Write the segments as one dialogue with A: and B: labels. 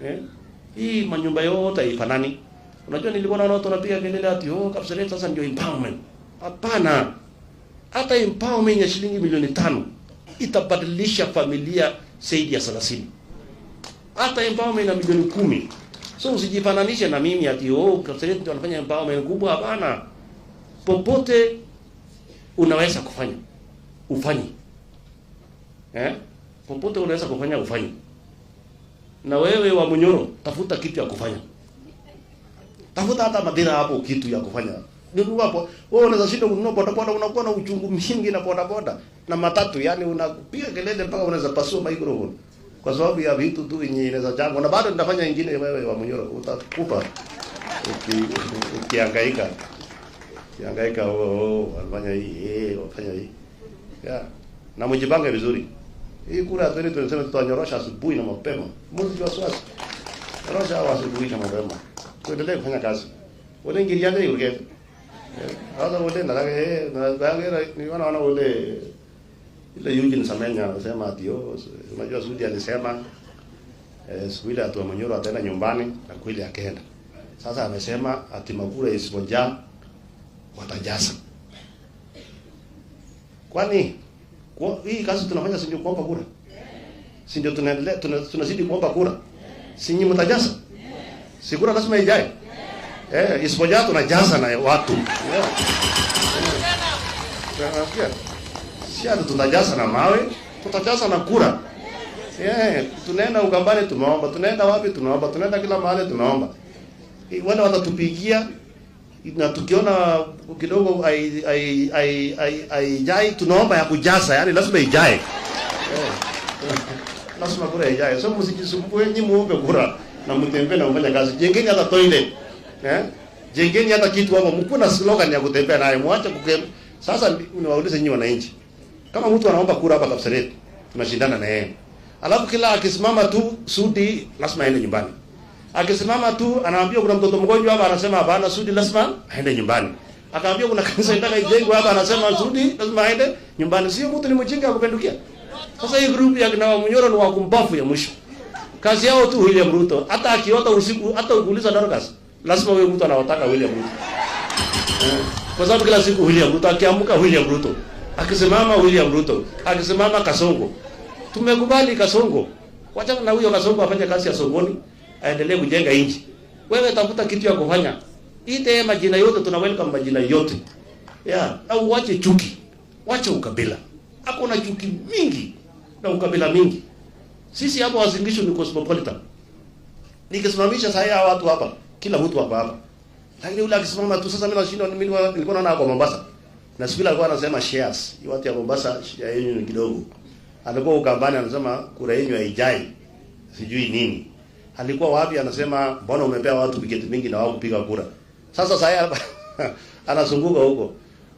A: Eh? Hii manyumba yote nani? Unajua nilikuwa naona watu wanapiga kelele ati oh Kapseret sasa ndio empowerment. Hapana. Hata empowerment ya shilingi milioni tano itabadilisha familia zaidi ya 30. Hata empowerment ya milioni kumi. So usijifananishe na mimi ati oh Kapseret ndio wanafanya empowerment kubwa hapana. Popote unaweza kufanya. Ufanye. Eh? Popote unaweza kufanya ufanye na wewe wa Munyoro, tafuta kitu ya kufanya, tafuta hata madhira hapo, kitu ya kufanya ndugu hapo. Wewe unaweza shinda kununua bodaboda, unakuwa na uchungu mingi na bodaboda na matatu, yani unapiga kelele mpaka unaweza pasua microphone kwa sababu ya vitu tu yenye inaweza jangwa, na bado nitafanya nyingine. Wewe wa Munyoro utakupa ukiangaika ukiangaika ukihangaika, oh, oh, oh wanafanya hii eh, wanafanya hii yeah, na mjipange vizuri. Hii kura ya twendi tunasema tutanyorosha asubuhi na mapema. ni wasiwasi. Rosha hawa asubuhi na mapema. Tuendelee kufanya kazi. Wale ingilia ndio yule. Eh, hata wale na lage eh, na lage eh, ni wana wana wale ile Eugene nisamenya anasema adios. Oh, unajua Sudi alisema eh, siku atoa Manyoro atenda nyumbani na kweli akaenda. Sasa amesema ati makura isipojaa watajaza. Kwani kwa hii kazi tunafanya si ndio kuomba kura? Si ndio tunaendelea tunazidi kuomba kura? Si nyinyi mtajaza? Si kura lazima ijae. Eh, isipojaa tunajaza na watu. Si hata tunajaza na mawe, tutajaza na kura. Eh, tunaenda Ugambani tumeomba, tunaenda wapi tumeomba, tunaenda kila mahali tumeomba. Wale watatupigia na tukiona kidogo ai ai ai ai haijai tunaomba ya kujaza, yani lazima ijae eh, lazima kura ijae. So msijisumbue, nyi muombe kura na mtembee na mfanye kazi, jengeni hata toilet eh, jengeni hata kitu hapo. Mkuna slogan ya kutembea naye, muache kukem. Sasa unawauliza nyinyi wananchi, kama mtu anaomba kura hapa Kapseret, tunashindana na yeye, alafu kila akisimama tu suti lazima aende nyumbani. Akisimama tu anaambia kuna mtoto mgonjwa hapa, anasema hapana, Sudi lazima aende nyumbani. Akaambia kuna kanisa inataka ijengwe hapa, anasema Sudi lazima aende nyumbani. Sio mtu ni mjinga akupendukia. Sasa hii grupu ya kina Munyoro ni wakumbafu ya mwisho. Kazi yao tu William Ruto. Hata akiota usiku, hata ukiuliza Dorcas, lazima wewe mtu anawataka William Ruto. Kwa sababu kila siku William Ruto akiamka William Ruto. Akisimama William Ruto, akisimama Kasongo. Tumekubali Kasongo. Wacha na huyo Kasongo afanye kazi ya songoni aendelee kujenga nchi. Wewe tafuta kitu ya kufanya, ite majina yote, tuna welcome majina yote yeah. Au wache chuki, wache ukabila. na chuki mingi na ukabila mingi. Sisi hapo Uasin Gishu ni cosmopolitan. Nikisimamisha sahi hawa watu hapa, kila mtu hapa hapa. Lakini ule akisimama tu sasa mimi nashindwa mimi nilikuwa naona kwa Mombasa. Na siku ile alikuwa anasema shares. hiyo watu ya Mombasa share yenu ni kidogo. Alikuwa ukambani anasema kura yenu haijai. Sijui nini alikuwa wapi? Anasema mbona umepea watu viketi mingi na wao kupiga kura? Sasa sasa hapa anazunguka huko.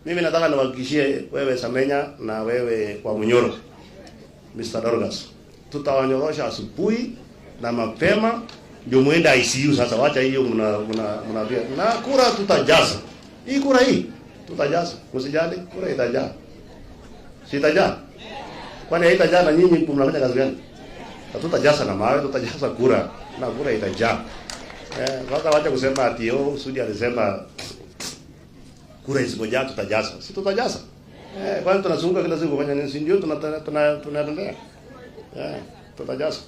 A: Mimi nataka niwahakikishie wewe Samenya na wewe kwa Munyoro, Mr. Dorgas, tutawanyorosha asubuhi na mapema ndio muende ICU. Sasa wacha hiyo mna mna mna pia na kura tutajaza hii kura hii tutajaza, msijali, kura itajaa, sitajaa. Kwani haitajaa na nyinyi mnafanya kazi gani? Hatutajaza na mawe, tutajaza kura na kura itajaa. Eh, sasa wacha kusema ati oh, Sudi alisema kura isipojaa tutajaza. Si tutajaza. Eh, kwani tunazunguka kila siku kufanya nini? Ndio tunaendelea. Tuna, tuna, tuna eh, tutajaza.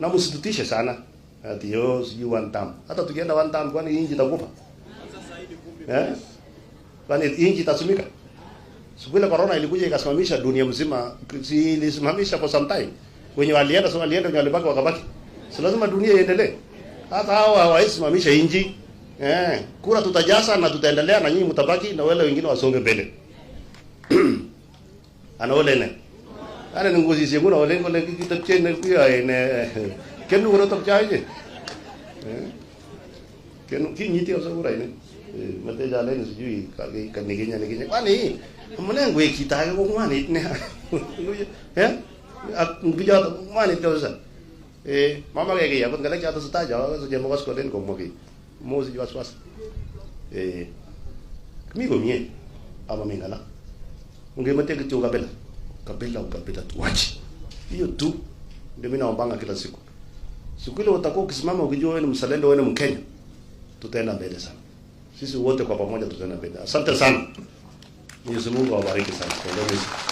A: Na msitutishe sana. Ati yo oh, sijui one time. Hata tukienda one time kwani inji itakufa? Eh? Kwani inji itasimika? Siku ile corona ilikuja ikasimamisha dunia mzima, ilisimamisha for some time. wenye walienda sio walienda, wenye walibaki wakabaki. So lazima dunia iendelee, hata hawa hawaisimamisha inji eh. Kura tutajaza na tutaendelea, na nyinyi mtabaki na wale wengine wasonge mbele ne. ana nungu sisi na wale lengi kitu chenye kuya ene Kenu ngoro tak Eh. Kenu ki nyiti osa ya ngura ene eh, mate jale ni sijui kage kan niginya niginya kwani mune ngwe kita ga ngwa ne ne eh? ya At ngiyot man it kausa. Eh mama kaya kaya kun kalak jata suta jawa so jamo kas koten ko moki. Mo si jwas was. Eh mi ko mie ama mingala. Unge mate ke chuka bela. Kabela ukapita tuwachi. Hiyo tu ndio mimi naombanga kila siku. Siku ile utakuwa ukisimama ukijua wewe ni msalendo, wewe ni Mkenya, tutaenda mbele sana. Sisi wote kwa pamoja tutaenda mbele. Asante sana. Mwenyezi Mungu awabariki sana. Endeleeni.